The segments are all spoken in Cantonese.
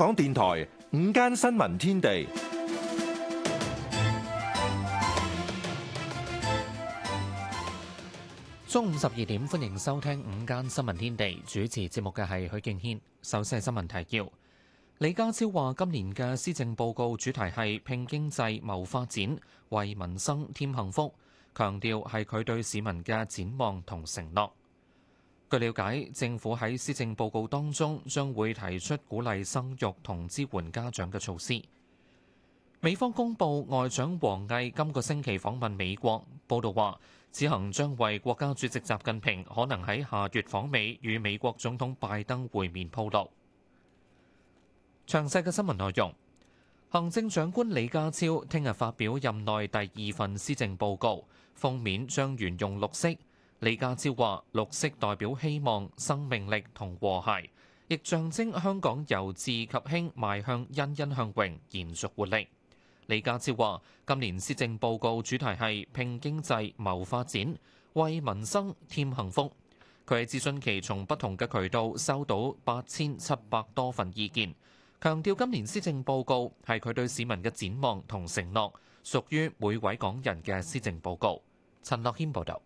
香港電台午間新聞天地，中午十二點歡迎收聽午間新聞天地。主持節目嘅係許敬軒。首先係新聞提要。李家超話，今年嘅施政報告主題係拼經濟、謀發展、為民生添幸福，強調係佢對市民嘅展望同承諾。據了解，政府喺施政報告當中將會提出鼓勵生育同支援家長嘅措施。美方公布外長王毅今個星期訪問美國，報道話此行將為國家主席習近平可能喺下月訪美與美國總統拜登會面鋪路。詳細嘅新聞內容，行政長官李家超聽日發表任內第二份施政報告，封面將沿用綠色。李家超話：綠色代表希望、生命力同和諧，亦象徵香港由治及興，邁向欣欣向榮、延續活力。李家超話：今年施政報告主題係拼經濟、謀發展、為民生添幸福。佢喺諮詢期從不同嘅渠道收到八千七百多份意見，強調今年施政報告係佢對市民嘅展望同承諾，屬於每位港人嘅施政報告。陳樂謙報導。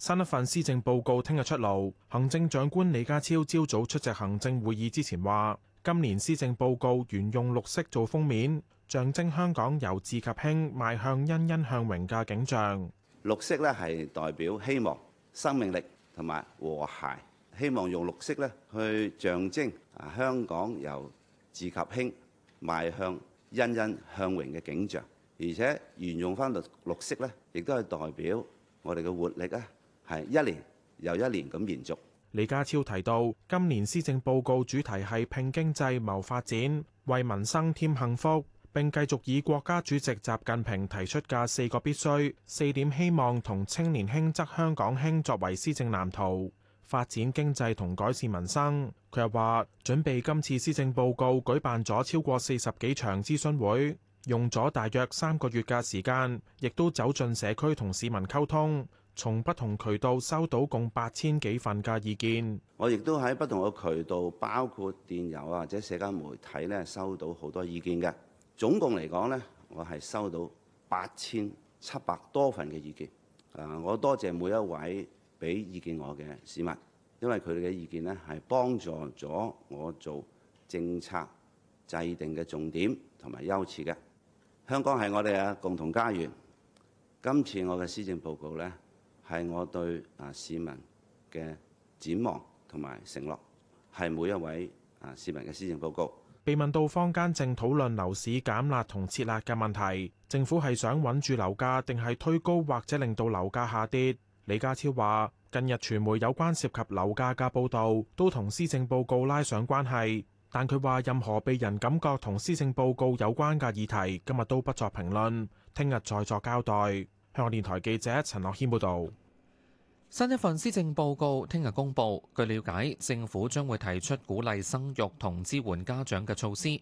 新一份施政報告聽日出爐，行政長官李家超朝早出席行政會議之前話，今年施政報告沿用綠色做封面，象徵香港由治及興，邁向欣欣向榮嘅景象。綠色咧係代表希望、生命力同埋和諧，希望用綠色咧去象徵啊香港由治及興，邁向欣欣向榮嘅景象。而且沿用翻度綠色咧，亦都係代表我哋嘅活力啊！係一年又一年咁延續。李家超提到，今年施政報告主題係拼經濟謀發展，為民生添幸福。並繼續以國家主席習近平提出嘅四個必須四點希望同青年興則香港興作為施政藍圖發展經濟同改善民生。佢又話準備今次施政報告舉辦咗超過四十幾場諮詢會，用咗大約三個月嘅時間，亦都走進社區同市民溝通。從不同渠道收到共八千幾份嘅意見，我亦都喺不同嘅渠道，包括電郵或者社交媒體咧，收到好多意見嘅。總共嚟講呢，我係收到八千七百多份嘅意見。啊，我多謝每一位俾意見我嘅市民，因為佢哋嘅意見咧係幫助咗我做政策制定嘅重點同埋優次嘅。香港係我哋嘅共同家園。今次我嘅施政報告呢。係我對啊市民嘅展望同埋承諾，係每一位啊市民嘅施政報告。被問到坊間正討論樓市減辣同撤辣嘅問題，政府係想穩住樓價定係推高或者令到樓價下跌？李家超話：近日傳媒有關涉及樓價嘅報導，都同施政報告拉上關係。但佢話任何被人感覺同施政報告有關嘅議題，今日都不作評論，聽日再作交代。香港電台記者陳樂謙報道，新一份施政報告聽日公佈。據了解，政府將會提出鼓勵生育同支援家長嘅措施。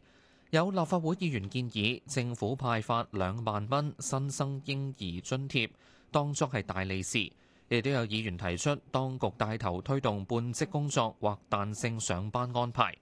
有立法會議員建議政府派發兩萬蚊新生嬰兒津貼，當作係大利是。亦都有議員提出，當局帶頭推動半職工作或彈性上班安排。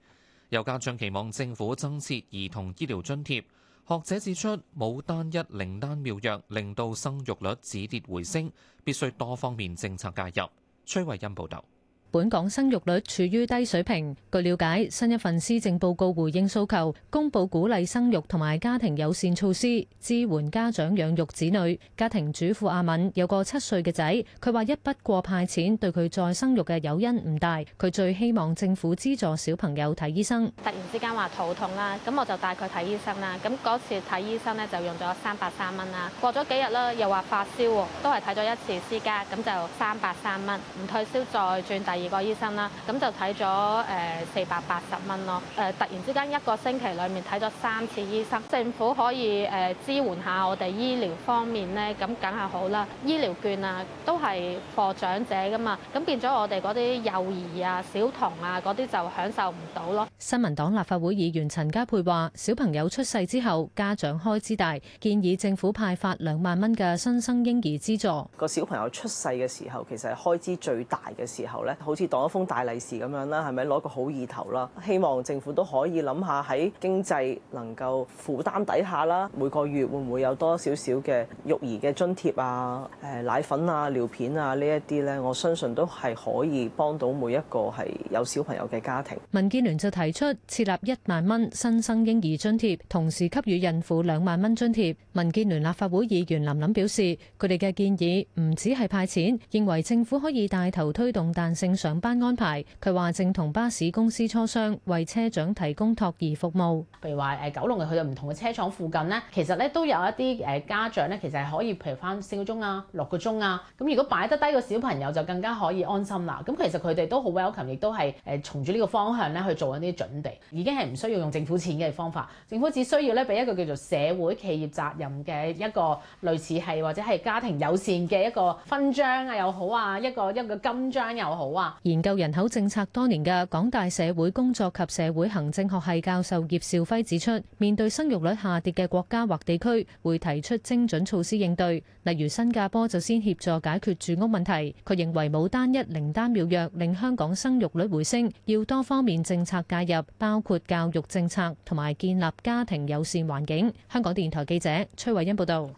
有家長期望政府增設兒童醫療津貼。學者指出，冇單一靈丹妙藥，令到生育率止跌回升，必須多方面政策介入。崔慧欣報道。本港生育率處於低水平。據瞭解，新一份施政報告回應訴求，公布鼓勵生育同埋家庭友善措施，支援家長養育子女。家庭主婦阿敏有個七歲嘅仔，佢話一筆過派錢對佢再生育嘅誘因唔大。佢最希望政府資助小朋友睇醫生。突然之間話肚痛啦，咁我就帶佢睇醫生啦。咁嗰次睇醫生呢，就用咗三百三蚊啦。過咗幾日啦，又話發燒喎，都係睇咗一次私家，咁就三百三蚊，唔退燒再轉第二個醫生啦，咁就睇咗誒四百八十蚊咯。誒突然之間一個星期裡面睇咗三次醫生，政府可以誒支援下我哋醫療方面呢，咁梗係好啦。醫療券啊，都係幫長者噶嘛，咁變咗我哋嗰啲幼兒啊、小童啊嗰啲就享受唔到咯。新民黨立法會議員陳家珮話：小朋友出世之後，家長開支大，建議政府派發兩萬蚊嘅新生嬰兒資助。個小朋友出世嘅時候，其實係開支最大嘅時候咧。好似當一封大利是咁樣啦，係咪攞個好意頭啦？希望政府都可以諗下喺經濟能夠負擔底下啦，每個月會唔會有多少少嘅育兒嘅津貼啊、誒奶粉啊、尿片啊呢一啲呢？我相信都係可以幫到每一個係有小朋友嘅家庭。民建聯就提出設立一萬蚊新生嬰兒津貼，同時給予孕婦兩萬蚊津貼。民建聯立法會議員林琳表示，佢哋嘅建議唔只係派錢，認為政府可以帶頭推動彈性上班安排，佢話正同巴士公司磋商，為車長提供托兒服務。譬如話誒，九龍嘅去到唔同嘅車廠附近呢，其實咧都有一啲誒家長咧，其實係可以譬如返四個鐘啊、六個鐘啊，咁如果擺得低個小朋友就更加可以安心啦。咁其實佢哋都好 welcome，亦都係誒從住呢個方向咧去做緊啲準備，已經係唔需要用政府錢嘅方法，政府只需要咧俾一個叫做社會企業責任嘅一個類似係或者係家庭友善嘅一個勛章啊又好啊，一個一個金章又好啊。研究人口政策多年嘅港大社會工作及社會行政學系教授葉兆輝指出，面對生育率下跌嘅國家或地區，會提出精準措施應對，例如新加坡就先協助解決住屋問題。佢認為冇單一靈丹妙藥令香港生育率回升，要多方面政策介入，包括教育政策同埋建立家庭友善環境。香港電台記者崔慧欣報道。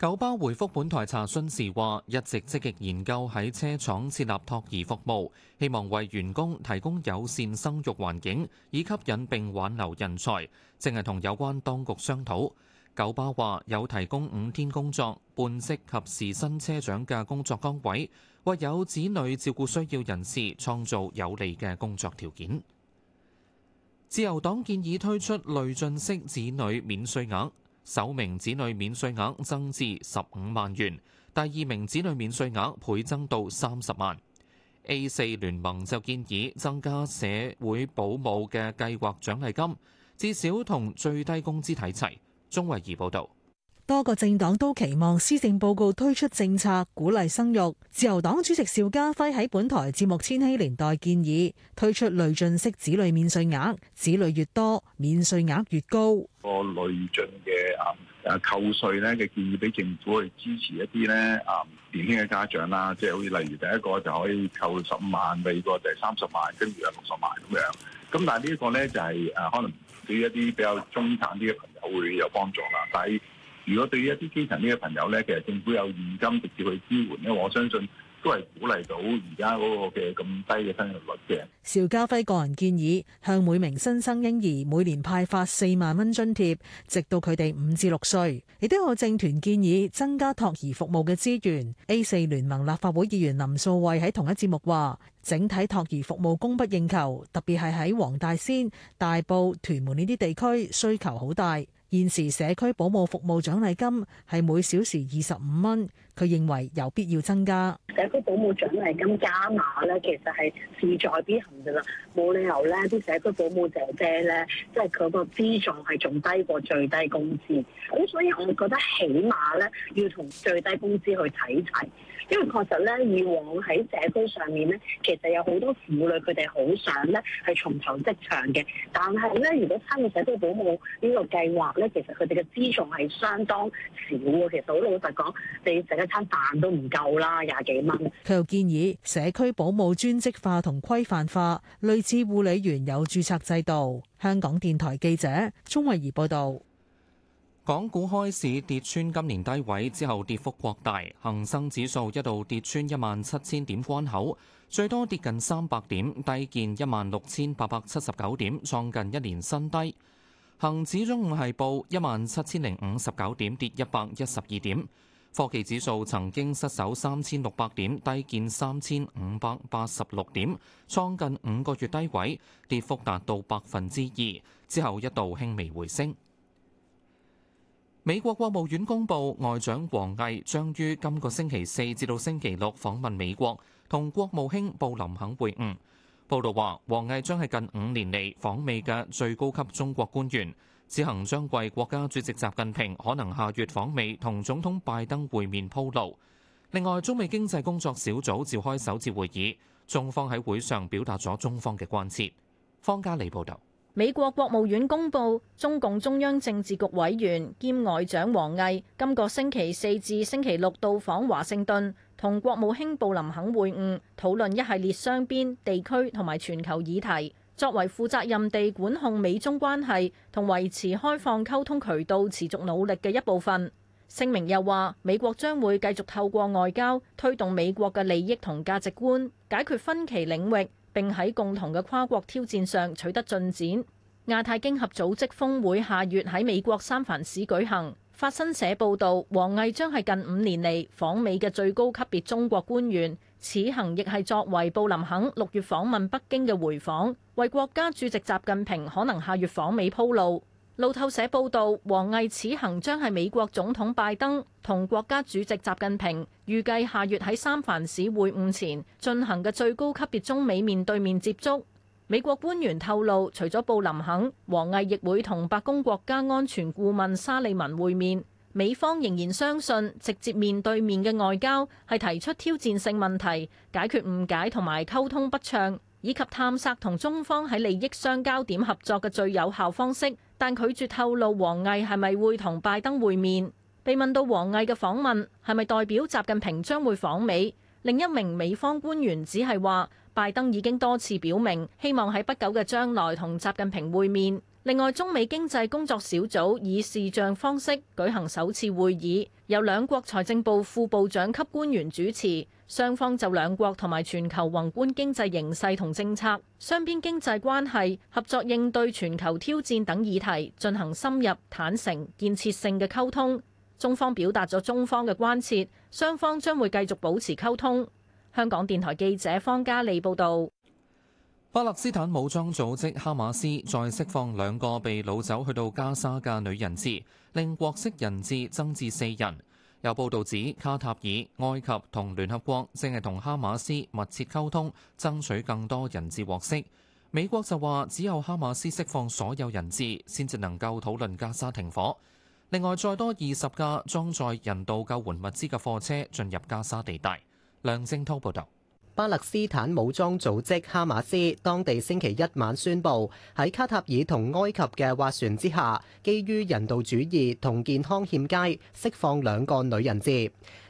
九巴回覆本台查詢時話：一直積極研究喺車廠設立托兒服務，希望為員工提供友善生育環境，以吸引並挽留人才。正係同有關當局商討。九巴話有提供五天工作、半職及時薪車長嘅工作崗位，或有子女照顧需要人士創造有利嘅工作條件。自由黨建議推出累進式子女免稅額。首名子女免稅額增至十五萬元，第二名子女免稅額倍增到三十萬。A4 聯盟就建議增加社會保姆嘅計劃獎勵金，至少同最低工資睇齊。鍾慧儀報道。多個政黨都期望施政報告推出政策鼓勵生育。自由黨主席邵家輝喺本台節目《千禧年代》建議推出累進式子女免稅額，子女越多免稅額越高。個累進嘅啊啊扣稅咧嘅建議俾政府去支持一啲咧啊年輕嘅家長啦，即係好似例如第一個就可以扣十五萬，第二個就係三十萬，跟住啊六十萬咁樣。咁但係呢一個咧就係啊可能對一啲比較中產啲嘅朋友會有幫助啦，但係。如果對於一啲基層呢啲朋友咧，其實政府有現金直接去支援咧，我相信都係鼓勵到而家嗰個嘅咁低嘅生育率嘅。邵家輝個人建議向每名新生嬰兒每年派發四萬蚊津貼，直到佢哋五至六歲。亦都有政團建議增加托兒服務嘅資源。A 四聯盟立法會議員林素慧喺同一節目話，整體托兒服務供不應求，特別係喺黃大仙、大埔、屯門呢啲地區需求好大。現時社區保姆服務獎勵金係每小時二十五蚊。佢認為有必要增加社區保姆獎勵金加碼咧，其實係事在必行嘅啦，冇理由咧啲社區保姆姐姐咧，即係佢個資助係仲低過最低工資，咁所以我覺得起碼咧要同最低工資去睇齊，因為確實咧以往喺社區上面咧，其實有好多婦女佢哋好想咧係從頭職場嘅，但係咧如果參與社區保姆呢個計劃咧，其實佢哋嘅資助係相當少嘅，其實好老實講，你成日餐飯都唔夠啦，廿幾蚊。佢又建議社區保姆專職化同規範化，類似護理員有註冊制度。香港電台記者鍾慧儀報道。港股開市跌穿今年低位之後，跌幅擴大，恒生指數一度跌穿一萬七千點關口，最多跌近三百點，低見一萬六千八百七十九點，創近一年新低。恒指中午係報一萬七千零五十九點，跌一百一十二點。科技指數曾經失守三千六百點，低見三千五百八十六點，創近五個月低位，跌幅達到百分之二。之後一度輕微回升。美國國務院公佈，外長王毅將於今個星期四至到星期六訪問美國，同國務卿布林肯會晤。報導話，王毅將係近五年嚟訪美嘅最高級中國官員。此行將為國家主席習近平可能下月訪美同總統拜登會面鋪路。另外，中美經濟工作小組召開首次會議，中方喺會上表達咗中方嘅關切。方家利報道。美國國務院公布，中共中央政治局委員兼外長王毅今個星期四至星期六到訪華盛頓，同國務卿布林肯會晤，討論一系列雙邊、地區同埋全球議題。作為負責任地管控美中關係同維持開放溝通渠道持續努力嘅一部分。聲明又話，美國將會繼續透過外交推動美國嘅利益同價值觀，解決分歧領域，並喺共同嘅跨國挑戰上取得進展。亞太經合組織峰會下月喺美國三藩市舉行，法新社報道，王毅將係近五年嚟訪美嘅最高級別中國官員。此行亦係作為布林肯六月訪問北京嘅回訪，為國家主席習近平可能下月訪美鋪路。路透社報導，王毅此行將係美國總統拜登同國家主席習近平預計下月喺三藩市會晤前進行嘅最高級別中美面對面接觸。美國官員透露，除咗布林肯，王毅亦會同白宮國家安全顧問沙利文會面。美方仍然相信直接面對面嘅外交係提出挑戰性問題，解決誤解同埋溝通不暢，以及探索同中方喺利益相交點合作嘅最有效方式，但拒絕透露王毅係咪會同拜登會面。被問到王毅嘅訪問，係咪代表習近平將會訪美，另一名美方官員只係話拜登已經多次表明希望喺不久嘅將來同習近平會面。另外，中美經濟工作小組以視像方式舉行首次會議，由兩國財政部副部長級官員主持。雙方就兩國同埋全球宏觀經濟形勢同政策、雙邊經濟關係、合作應對全球挑戰等議題進行深入、坦誠、建設性嘅溝通。中方表達咗中方嘅關切，雙方將會繼續保持溝通。香港電台記者方嘉利報道。巴勒斯坦武裝組織哈馬斯再釋放兩個被擄走去到加沙嘅女人質，令獲釋人質增至四人。有報道指卡塔爾、埃及同聯合國正係同哈馬斯密切溝通，爭取更多人質獲釋。美國就話只有哈馬斯釋放所有人質，先至能夠討論加沙停火。另外，再多二十架裝載人道救援物資嘅貨車進入加沙地帶。梁正滔報道。巴勒斯坦武裝組織哈馬斯當地星期一晚宣布，喺卡塔爾同埃及嘅斡旋之下，基於人道主義同健康欠佳，釋放兩個女人質。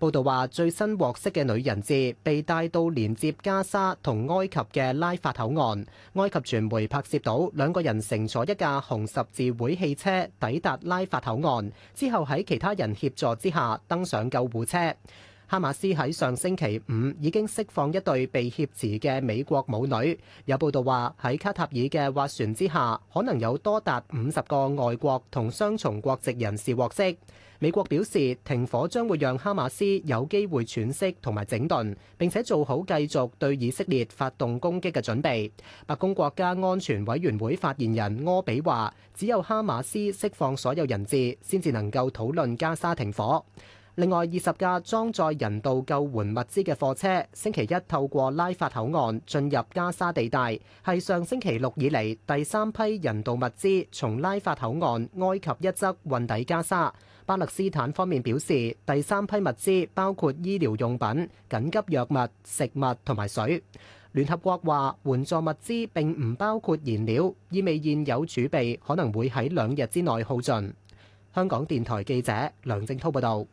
報道話，最新獲釋嘅女人質被帶到連接加沙同埃及嘅拉法口岸。埃及傳媒拍攝到兩個人乘坐一架紅十字會汽車抵達拉法口岸，之後喺其他人協助之下登上救護車。哈馬斯喺上星期五已經釋放一對被挾持嘅美國母女，有報道話喺卡塔爾嘅斡旋之下，可能有多達五十個外國同雙重國籍人士獲釋。美國表示停火將會讓哈馬斯有機會喘息同埋整頓，並且做好繼續對以色列發動攻擊嘅準備。白宮國家安全委員會發言人柯比話，只有哈馬斯釋放所有人質，先至能夠討論加沙停火。另外，二十架裝載人道救援物資嘅貨車星期一透過拉法口岸進入加沙地帶，係上星期六以嚟第三批人道物資從拉法口岸埃及一側運抵加沙。巴勒斯坦方面表示，第三批物資包括醫療用品、緊急藥物、食物同埋水。聯合國話援助物資並唔包括燃料，意味現有儲備可能會喺兩日之內耗盡。香港電台記者梁正濤報道。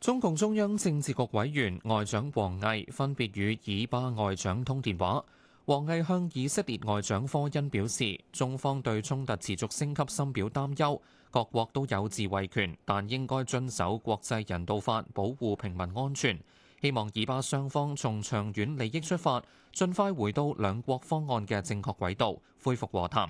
中共中央政治局委員外長王毅分別與以巴外長通電話，王毅向以色列外長科恩表示，中方對衝突持續升級深表擔憂，各國都有自衛權，但應該遵守國際人道法，保護平民安全。希望以巴雙方從長遠利益出發，盡快回到兩國方案嘅正確軌道，恢復和談，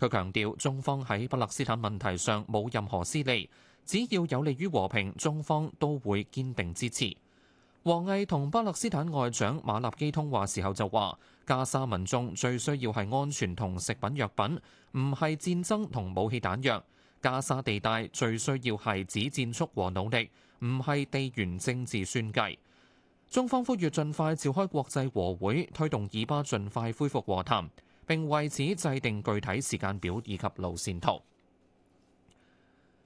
佢強調中方喺巴勒斯坦問題上冇任何私利。只要有利於和平，中方都會堅定支持。王毅同巴勒斯坦外長馬立基通話時候就話，加沙民眾最需要係安全同食品藥品，唔係戰爭同武器彈藥。加沙地帶最需要係止戰速和努力，唔係地緣政治算計。中方呼籲盡快召開國際和會，推動以巴盡快恢復和談，並為此制定具體時間表以及路線圖。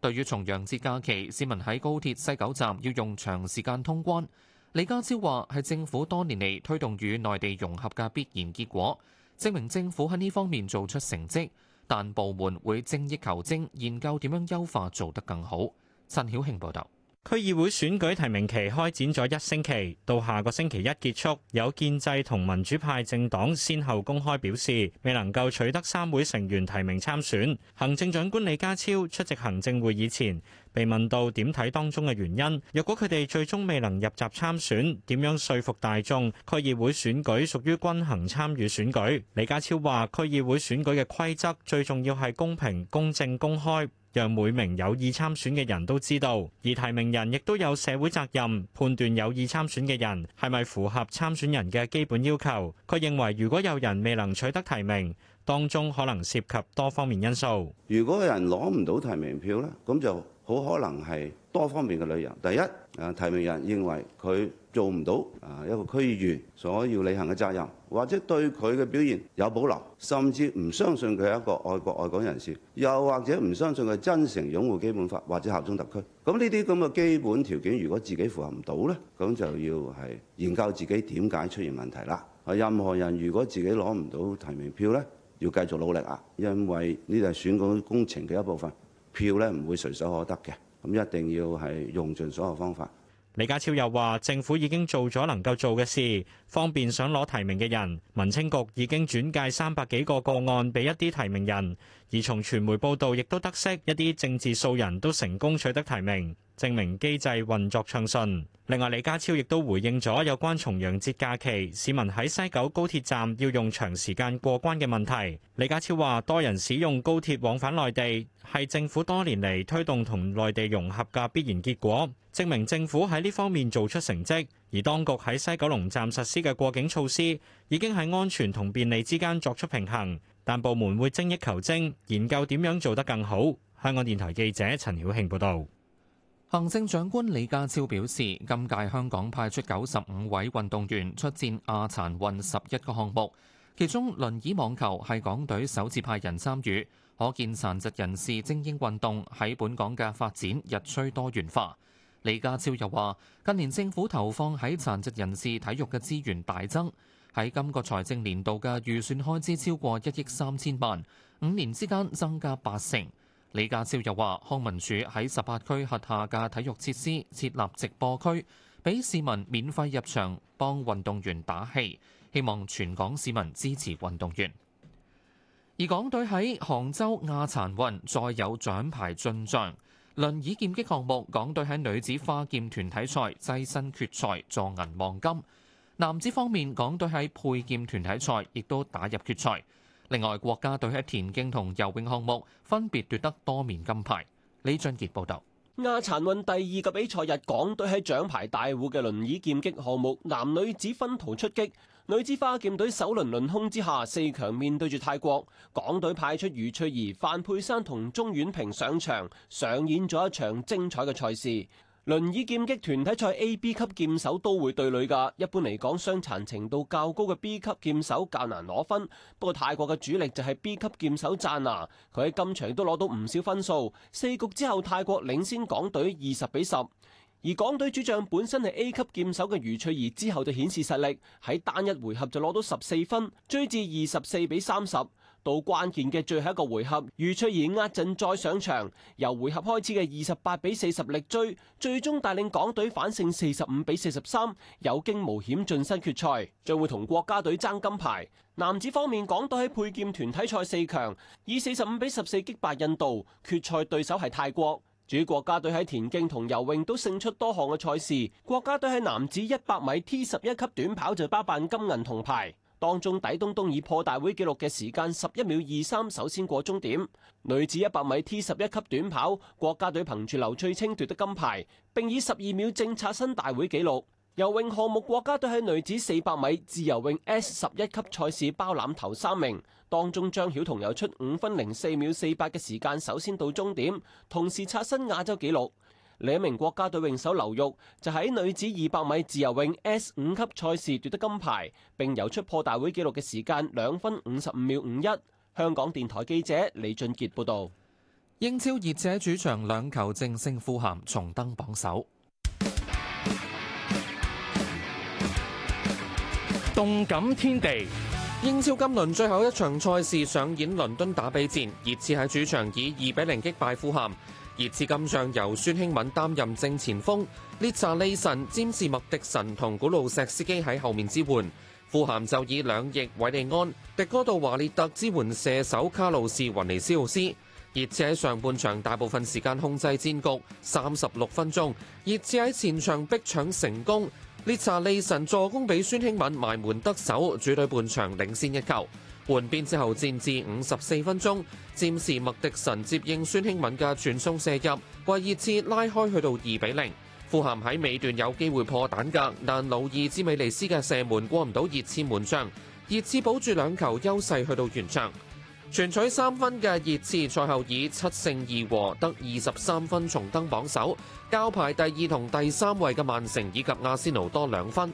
對於重陽節假期，市民喺高鐵西九站要用長時間通關，李家超話：係政府多年嚟推動與內地融合嘅必然結果，證明政府喺呢方面做出成績，但部門會精益求精，研究點樣優化做得更好。陳曉慶報道。區議會選舉提名期開展咗一星期，到下個星期一結束，有建制同民主派政黨先後公開表示，未能夠取得三會成員提名參選。行政長官李家超出席行政會議前，被問到點睇當中嘅原因，若果佢哋最終未能入閘參選，點樣說服大眾，區議會選舉屬於均衡參與選舉。李家超話，區議會選舉嘅規則最重要係公平、公正、公開。讓每名有意參選嘅人都知道，而提名人亦都有社會責任，判斷有意參選嘅人係咪符合參選人嘅基本要求。佢認為，如果有人未能取得提名，當中可能涉及多方面因素。如果有人攞唔到提名票咧，咁就好可能係多方面嘅理由。第一，提名人認為佢做唔到啊一個區議員所要履行嘅責任，或者對佢嘅表現有保留，甚至唔相信佢係一個愛國愛港人士，又或者唔相信佢係真誠擁護基本法或者效忠特區。咁呢啲咁嘅基本條件，如果自己符合唔到呢，咁就要係研究自己點解出現問題啦。啊，任何人如果自己攞唔到提名票呢，要繼續努力啊，因為呢度係選舉工程嘅一部分，票呢，唔會隨手可得嘅。咁一定要係用盡所有方法。李家超又話：政府已經做咗能夠做嘅事，方便想攞提名嘅人。民青局已經轉介三百幾個個案俾一啲提名人，而從傳媒報道亦都得悉一啲政治素人都成功取得提名，證明機制運作暢順。另外，李家超亦都回應咗有關重陽節假期市民喺西九高鐵站要用長時間過關嘅問題。李家超話：多人使用高鐵往返內地，係政府多年嚟推動同內地融合嘅必然結果，證明政府喺呢方面做出成績。而當局喺西九龍站實施嘅過境措施，已經喺安全同便利之間作出平衡。但部門會精益求精，研究點樣做得更好。香港電台記者陳曉慶報道。行政長官李家超表示，今屆香港派出九十五位運動員出戰亞殘運十一個項目，其中輪椅網球係港隊首次派人參與，可見殘疾人士精英運動喺本港嘅發展日趨多元化。李家超又話，近年政府投放喺殘疾人士體育嘅資源大增，喺今個財政年度嘅預算開支超過一億三千萬，五年之間增加八成。李家超又話：康文署喺十八區轄下嘅體育設施設立直播區，俾市民免費入場幫運動員打氣，希望全港市民支持運動員。而港隊喺杭州亞殘運再有獎牌進賬，輪椅劍擊項目港隊喺女子花劍團體賽躋身決賽，助銀望金；男子方面，港隊喺佩劍團體賽亦都打入決賽。另外，國家隊喺田徑同游泳項目分別奪得多面金牌。李俊傑報導。亞殘運第二個比賽日，港隊喺獎牌大戶嘅輪椅劍擊項目男女子分途出擊，女子花劍隊首輪輪空之下，四強面對住泰國，港隊派出余翠怡、范佩珊同鍾婉萍上場，上演咗一場精彩嘅賽事。輪椅劍擊團體賽 A、B 級劍手都會對壘噶。一般嚟講，傷殘程度較高嘅 B 級劍手較難攞分。不過泰國嘅主力就係 B 級劍手贊拿，佢喺今場都攞到唔少分數。四局之後，泰國領先港隊二十比十。而港隊主將本身係 A 級劍手嘅余翠怡之後就顯示實力，喺單一回合就攞到十四分，追至二十四比三十。到關鍵嘅最後一個回合，余翠怡壓陣再上場，由回合開始嘅二十八比四十力追，最終帶領港隊反勝四十五比四十三，有驚無險晉身決賽，將會同國家隊爭金牌。男子方面，港隊喺佩劍團體賽四強，以四十五比十四擊敗印度，決賽對手係泰國。主要國家隊喺田徑同游泳都勝出多項嘅賽事，國家隊喺男子一百米 T 十一級短跑就包辦金銀銅牌。當中底東東以破大會紀錄嘅時間十一秒二三，首先過終點。女子一百米 T 十一級短跑，國家隊憑住劉翠清奪得金牌，并以十二秒正刷新大會紀錄。游泳項目，國家隊喺女子四百米自由泳 S 十一級賽事包攬頭三名，當中張曉彤游出五分零四秒四八嘅時間，首先到終點，同時刷新亞洲紀錄。另一名國家隊泳手劉玉就喺、是、女子二百米自由泳 S 五級賽事奪得金牌，並游出破大會紀錄嘅時間兩分五十五秒五一。香港電台記者李俊傑報道。英超熱刺主場兩球淨勝富咸，重登榜首。動感天地，英超今輪最後一場賽事上演倫敦打比戰，熱刺喺主場以二比零擊敗富咸。熱刺今仗由孫興敏擔任正前鋒，列查利臣、占士麥迪臣同古魯錫斯基喺後面支援。富咸就以兩翼韋利安、迪哥度華列特支援射手卡路士雲尼斯奧斯。熱刺喺上半場大部分時間控制戰局，三十六分鐘，熱刺喺前場逼搶成功，列查利臣助攻俾孫興敏埋門得手，主隊半場領先一球。換邊之後戰至五十四分鐘，占士麥迪神接應孫興敏嘅傳送射入，為熱刺拉開去到二比零。富咸喺尾段有機會破蛋格，但努爾茲美利斯嘅射門過唔到熱刺門將，熱刺保住兩球優勢去到完場。全取三分嘅熱刺賽後以七勝二和得二十三分重登榜首，交排第二同第三位嘅曼城以及阿仙奴多兩分。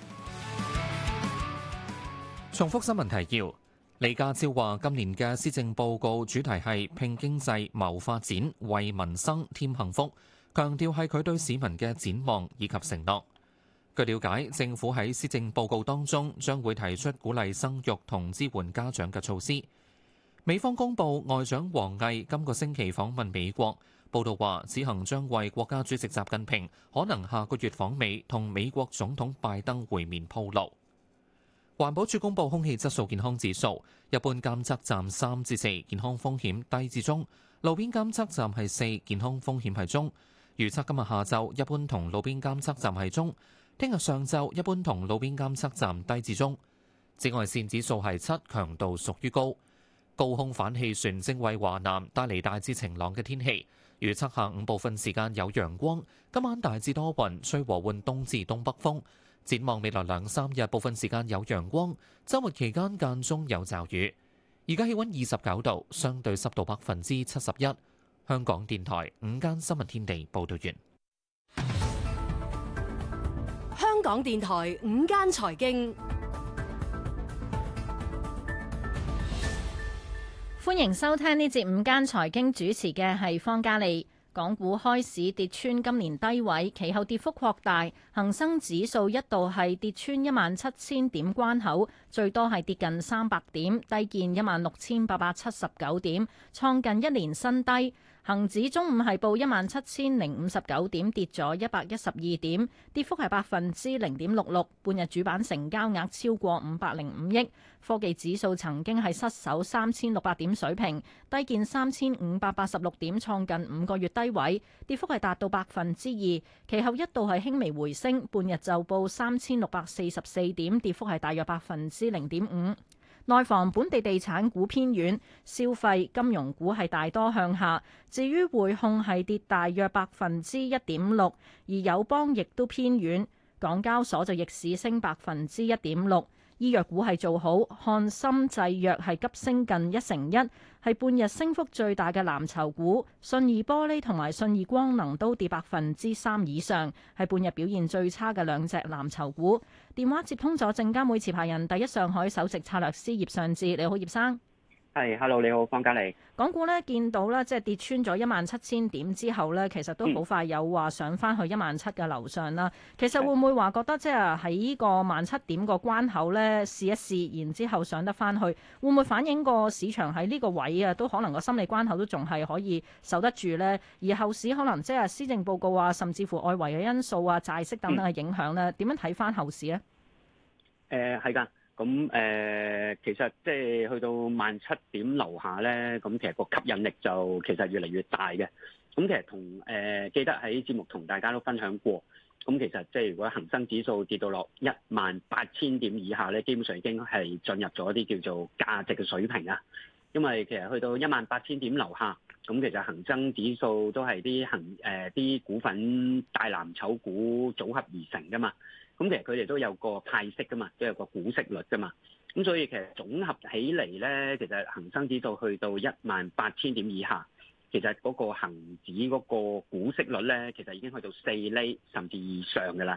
重複新聞提要。李家超話：今年嘅施政報告主題係拼經濟、謀發展、為民生添幸福，強調係佢對市民嘅展望以及承諾。據了解，政府喺施政報告當中將會提出鼓勵生育同支援家長嘅措施。美方公佈外長王毅今個星期訪問美國，報道話此行將為國家主席習近平可能下個月訪美同美國總統拜登會面鋪路。環保署公布空氣質素健康指數，一般監測站三至四，健康風險低至中；路邊監測站係四，健康風險係中。預測今日下晝一般同路邊監測站係中，聽日上晝一般同路邊監測站低至中。紫外線指數係七，強度屬於高。高空反氣旋正為華南帶嚟大致晴朗嘅天氣，預測下午部分時間有陽光，今晚大致多雲，吹和緩東至東北風。展望未來兩三日，部分時間有陽光；周末期間間中有驟雨。而家氣溫二十九度，相對濕度百分之七十一。香港電台午間新聞天地報道完。香港電台午間財經，歡迎收聽呢節午間財經主持嘅係方嘉莉。港股開始跌穿今年低位，其後跌幅擴大，恒生指數一度係跌穿一萬七千點關口，最多係跌近三百點，低見一萬六千八百七十九點，創近一年新低。恒指中午係報一萬七千零五十九點，跌咗一百一十二點，跌幅係百分之零點六六。半日主板成交額超過五百零五億。科技指數曾經係失守三千六百點水平，低見三千五百八十六點，創近五個月低位，跌幅係達到百分之二。其後一度係輕微回升，半日就報三千六百四十四點，跌幅係大約百分之零點五。內房本地地產股偏軟，消費金融股係大多向下。至於匯控係跌大約百分之一點六，而友邦亦都偏軟。港交所就逆市升百分之一點六。醫藥股係做好，漢森製藥係急升近一成一，係半日升幅最大嘅藍籌股。信義玻璃同埋信義光能都跌百分之三以上，係半日表現最差嘅兩隻藍籌股。電話接通咗證監會持牌人第一上海首席策略師葉尚志，你好葉生。係，hello，你好，方嘉利。港股呢，見到咧，即係跌穿咗一萬七千點之後呢，其實都好快有話上翻去一萬七嘅樓上啦。其實會唔會話覺得即係喺呢個萬七點個關口呢試一試，然之後上得翻去，會唔會反映個市場喺呢個位啊，都可能個心理關口都仲係可以守得住呢？而後市可能即係施政報告啊，甚至乎外圍嘅因素啊、債息等等嘅影響呢？點、嗯、樣睇翻後市呢？誒、呃，係噶。咁誒、呃，其實即係去到萬七點樓下咧，咁其實個吸引力就其實越嚟越大嘅。咁其實同誒、呃、記得喺節目同大家都分享過，咁其實即係如果恆生指數跌到落一萬八千點以下咧，基本上已經係進入咗一啲叫做價值嘅水平啊。因為其實去到一萬八千點樓下。咁其實恒生指數都係啲恆誒啲股份大藍籌股組合而成㗎嘛，咁其實佢哋都有個派息㗎嘛，都有個股息率㗎嘛，咁所以其實總合起嚟咧，其實恒生指數去到一萬八千點以下，其實嗰個恆指嗰個股息率咧，其實已經去到四厘甚至以上㗎喇，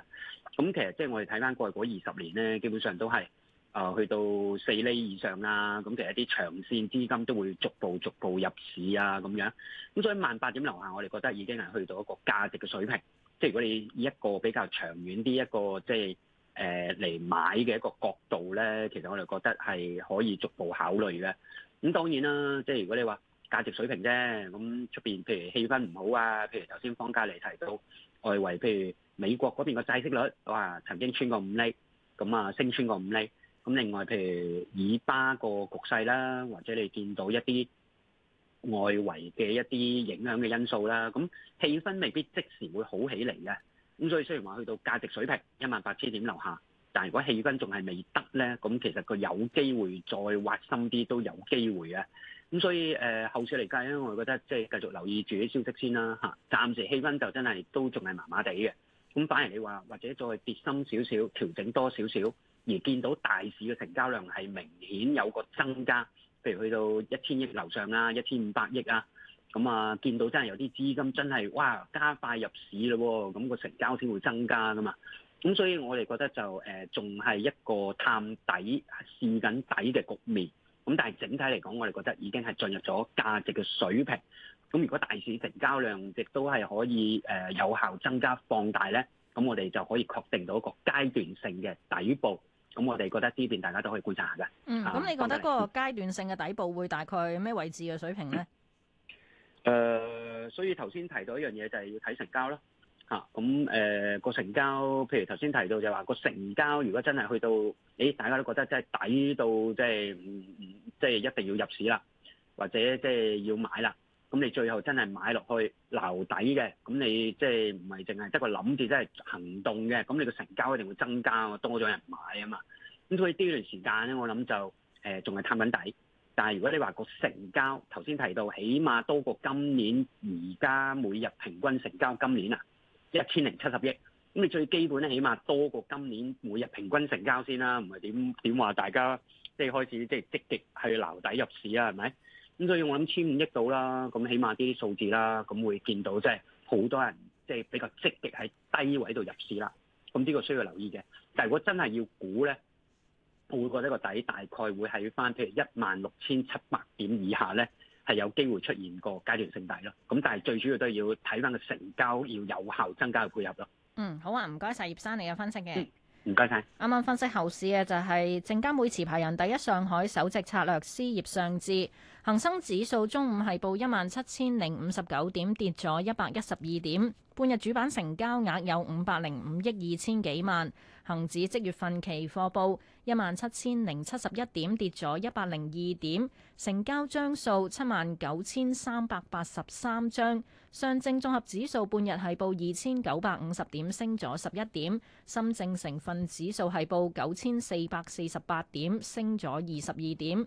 咁其實即係我哋睇返過去嗰二十年咧，基本上都係。啊，去到四厘以上啦，咁其實一啲長線資金都會逐步逐步入市啊，咁樣。咁所以萬八點樓下，我哋覺得已經係去到一個價值嘅水平。即係如果你以一個比較長遠啲一,一個即係誒嚟買嘅一個角度咧，其實我哋覺得係可以逐步考慮嘅。咁當然啦，即係如果你話價值水平啫，咁出邊譬如氣氛唔好啊，譬如頭先方家嚟提到外圍，譬如美國嗰邊嘅債息率，哇，曾經穿過五厘，咁啊升穿過五厘。咁另外，譬如以巴個局勢啦，或者你見到一啲外圍嘅一啲影響嘅因素啦，咁氣氛未必即時會好起嚟嘅。咁所以雖然話去到價值水平一萬八千點樓下，但係如果氣氛仲係未得咧，咁其實佢有機會再挖深啲都有機會嘅。咁所以誒、呃，後市嚟計咧，我覺得即係繼續留意住啲消息先啦嚇。暫時氣氛就真係都仲係麻麻地嘅。咁反而你話或者再跌深少少，調整多少少，而見到大市嘅成交量係明顯有個增加，譬如去到一千億樓上啊，一千五百億啊，咁啊見到真係有啲資金真係哇加快入市咯，咁個成交先會增加噶嘛。咁所以我哋覺得就誒仲係一個探底試緊底嘅局面。咁但係整體嚟講，我哋覺得已經係進入咗價值嘅水平。咁如果大市成交量亦都係可以誒有效增加放大咧，咁我哋就可以確定到一個階段性嘅底部。咁我哋覺得呢邊大家都可以觀察下嘅。嗯，咁你覺得嗰個階段性嘅底部會大概咩位置嘅水平咧？誒、嗯呃，所以頭先提到一樣嘢就係要睇成交咯。嚇、啊，咁誒個成交，譬如頭先提到就話個成交，如果真係去到，誒、欸、大家都覺得真係抵到、就是，即係唔即係一定要入市啦，或者即係要買啦。咁你最後真係買落去撈底嘅，咁你即係唔係淨係得個諗住，真係行動嘅，咁你個成交一定會增加，多咗人買啊嘛。咁所以呢段時間咧，我諗就誒、呃、仲係探緊底，但係如果你話個成交，頭先提到起碼多過今年而家每日平均成交，今年啊一千零七十億，咁你最基本咧起碼多過今年每日平均成交先啦、啊，唔係點點話大家即係開始即係積極去撈底入市啊，係咪？咁所以我諗千五億到啦，咁起碼啲數字啦，咁會見到即係好多人即係比較積極喺低位度入市啦。咁呢個需要留意嘅。但係如果真係要估咧，我會覺得個底大概會喺翻譬如一萬六千七百點以下咧，係有機會出現個階段性大咯。咁但係最主要都要睇翻個成交，要有效增加嘅配合咯。嗯，好啊，唔該晒葉生你嘅分析嘅。嗯唔該晒。啱啱分析後市嘅就係證監會持牌人第一上海首席策略師葉尚志。恒生指數中午係報一萬七千零五十九點，跌咗一百一十二點。半日主板成交額有五百零五億二千幾萬。恒指即月份期貨報一萬七千零七十一點，跌咗一百零二點，成交張數七萬九千三百八十三張。上證綜合指數半日係報二千九百五十點，升咗十一點。深證成分指數係報九千四百四十八點，升咗二十二點。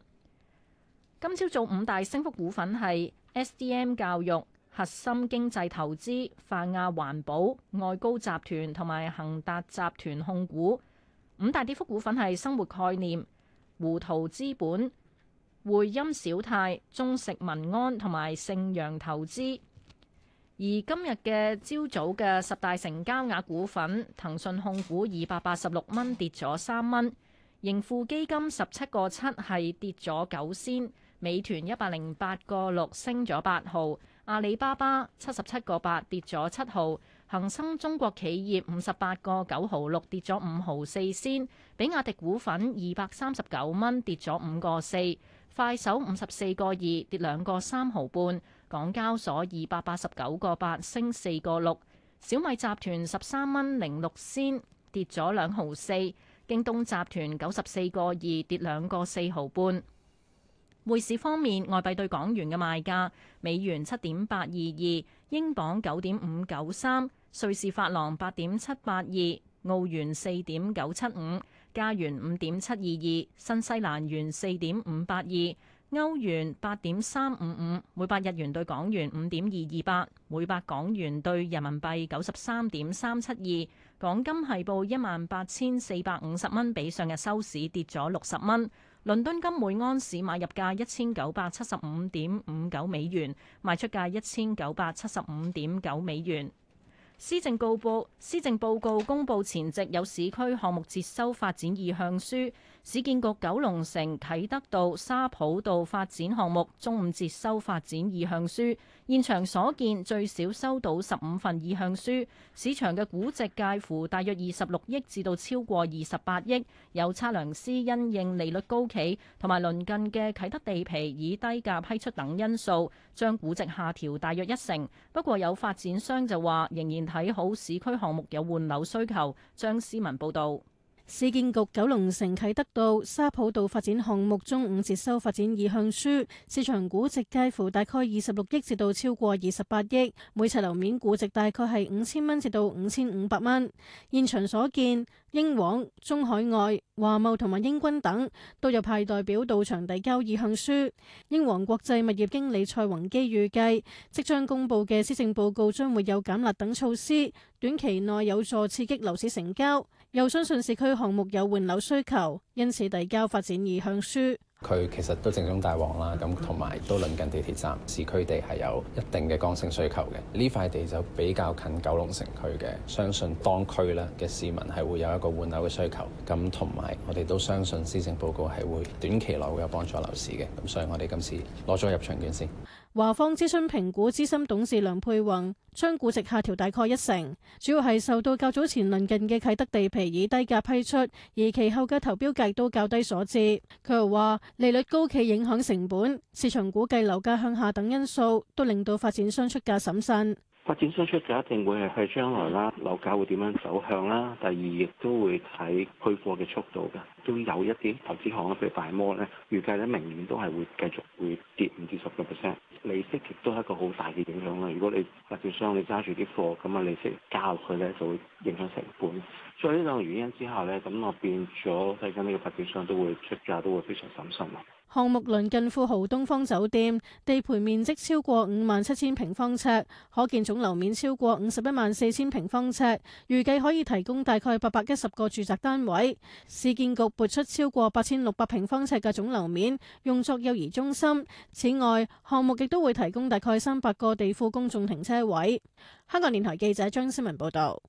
今朝早五大升幅股份係 SDM 教育、核心經濟、投資、泛亞環保、外高集團同埋恒達集團控股。五大跌幅股份係生活概念、胡桃資本、匯鑫小貸、中食民安同埋盛陽投資。而今日嘅朝早嘅十大成交額股份，騰訊控股二百八十六蚊，跌咗三蚊，盈富基金十七個七係跌咗九仙，美團一百零八個六升咗八毫。阿里巴巴七十七個八跌咗七毫，恒生中國企業五十八個九毫六跌咗五毫四仙，比亞迪股份二百三十九蚊跌咗五個四，快手五十四個二跌兩個三毫半，港交所二百八十九個八升四個六，小米集團十三蚊零六仙跌咗兩毫四，京東集團九十四個二跌兩個四毫半。匯市方面，外幣對港元嘅賣價：美元七點八二二，英鎊九點五九三，瑞士法郎八點七八二，澳元四點九七五，加元五點七二二，新西蘭元四點五八二，歐元八點三五五，每百日元對港元五點二二八，每百港元對人民幣九十三點三七二。港金係報一萬八千四百五十蚊，比上日收市跌咗六十蚊。倫敦金每安士買入價一千九百七十五點五九美元，賣出價一千九百七十五點九美元。施政報告，施政報告公布前夕有市區項目接收發展意向書。市建局九龍城啟德道沙浦道發展項目中午接收發展意向書，現場所見最少收到十五份意向書，市場嘅估值介乎大約二十六億至到超過二十八億，有測量師因應利率高企同埋鄰近嘅啟德地皮以低價批出等因素，將估值下調大約一成。不過有發展商就話仍然睇好市區項目有換樓需求。張思文報道。市建局九龍城啟德道沙浦道發展項目中午接收發展意向書，市場估值介乎大概二十六億至到超過二十八億，每尺樓面估值大概係五千蚊至到五千五百蚊。現場所見，英皇、中海外、華懋同埋英軍等都有派代表到場遞交意向書。英皇國際物業經理蔡宏基預計，即將公布嘅施政報告將會有減辣等措施，短期內有助刺激樓市成交。又相信市區項目有換樓需求，因此提交發展意向書。佢其實都正宗大王啦，咁同埋都鄰近地鐵站，市區地係有一定嘅剛性需求嘅。呢塊地就比較近九龍城區嘅，相信當區咧嘅市民係會有一個換樓嘅需求。咁同埋我哋都相信施政報告係會短期內會有幫助樓市嘅。咁所以我哋今次攞咗入場券先。華方諮詢評估資深董事梁佩宏將估值下調大概一成，主要係受到較早前鄰近嘅啟德地皮以低價批出，而其後嘅投標價都較低所致。佢又話，利率高企影響成本，市場估計樓價向下等因素，都令到發展商出價審慎。發展商出價一定會係去將來啦，樓價會點樣走向啦？第二亦都會睇去貨嘅速度嘅，都有一啲投資行譬如大摩咧，預計咧明年都係會繼續會跌五至十個 percent。利息亦都係一個好大嘅影響啦。如果你發展商你揸住啲貨，咁啊利息加落去咧就會影響成本。所以呢兩個原因之下咧，咁我變咗睇緊呢個發展商都會出價都會非常審慎。項目鄰近富豪東方酒店，地盤面積超過五萬七千平方尺，可見總樓面超過五十一萬四千平方尺，預計可以提供大概八百一十個住宅單位。市建局撥出超過八千六百平方尺嘅總樓面用作幼兒中心。此外，項目亦都會提供大概三百個地庫公眾停車位。香港電台記者張思文報道。